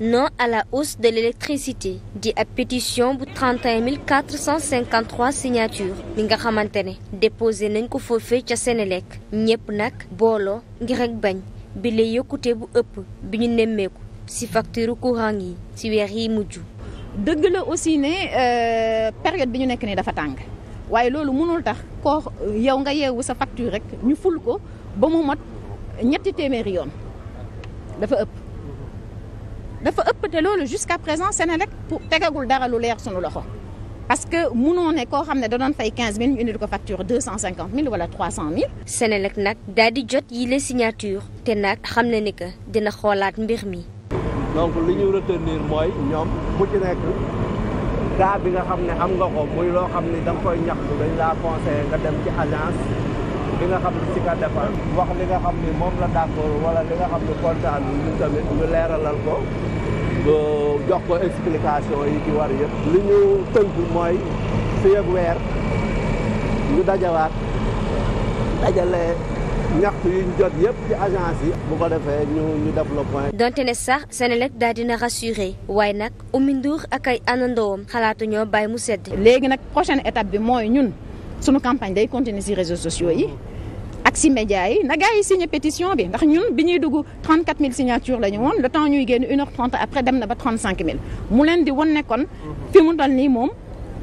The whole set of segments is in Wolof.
non à la hausse de l'électricité di ab pétition bu 31 453 signatures bi nga xamante ne déposé nañ ko foofee ca lekk ñëpp nag booloo ngir bañ bi lay yokkute bu ëpp bi ñu nemmeeku ci facture courant yi ci weer yi mujj. dëgg la aussi ne euh, période bi ñu nekk nii dafa tàng waaye loolu mënul tax koo yow nga yeewu sa facture rek ñu ful ko ba mu mot ñetti téeméeri yoon dafa ëpp. dafa ëpp te loolu jusqu'à présent Senelec pour tegagul dara lu leer sunu loxo parce que munoo ne koo xam ne da doon fay 15000 ñu indil ko facture 250000 wala 300000. Senelec nag daal di jot yi les signature te nag xam ne ni que dina xoolaat mbir mi. donc li ñu retenir mooy ñoom bu ci nekk daa bi nga xam ne am nga ko muy loo xam ne da nga koy ñaxtu dañ laa conseillé nga dem ci agence. li nga xam ne si ka defar wax li nga xam ni moom la d'accord wala li nga xam ni kontaan ñu tamit ñu leeralal ko jox ko explication yi ci war yëpp li ñu tënk mooy fi ak weer ñu dajawaat dajale ñaxtu yi ñu jot ci agence yi bu ko defee ñu ñu donte ne sax Senelec daal dina rassuré waaye nag Oumy Ndour ak ay àndandoom xalaatu ñoo bàyyi mu sedd léegi nag prochaine étape bi mooy ñun sunu campagne day continuer ci réseaux sociaux yi ak ci média yi na gars yi signé pétition bi ndax ñun bi ñuy dugg 34 000 signatures la ñu woon le temps ñuy génn 1 heure 30 après dem na ba 35 000 mu leen di wan ne fi mu toll nii moom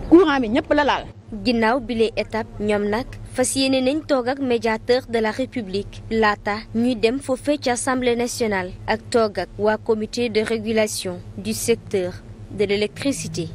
courant bi ñëpp la laal. ginnaaw bile étape ñoom nag fas yéene nañ toog ak médiateur de la république laata ñuy dem foofee ci assemblée nationale ak toog ak waa comité de régulation du secteur de l'électricité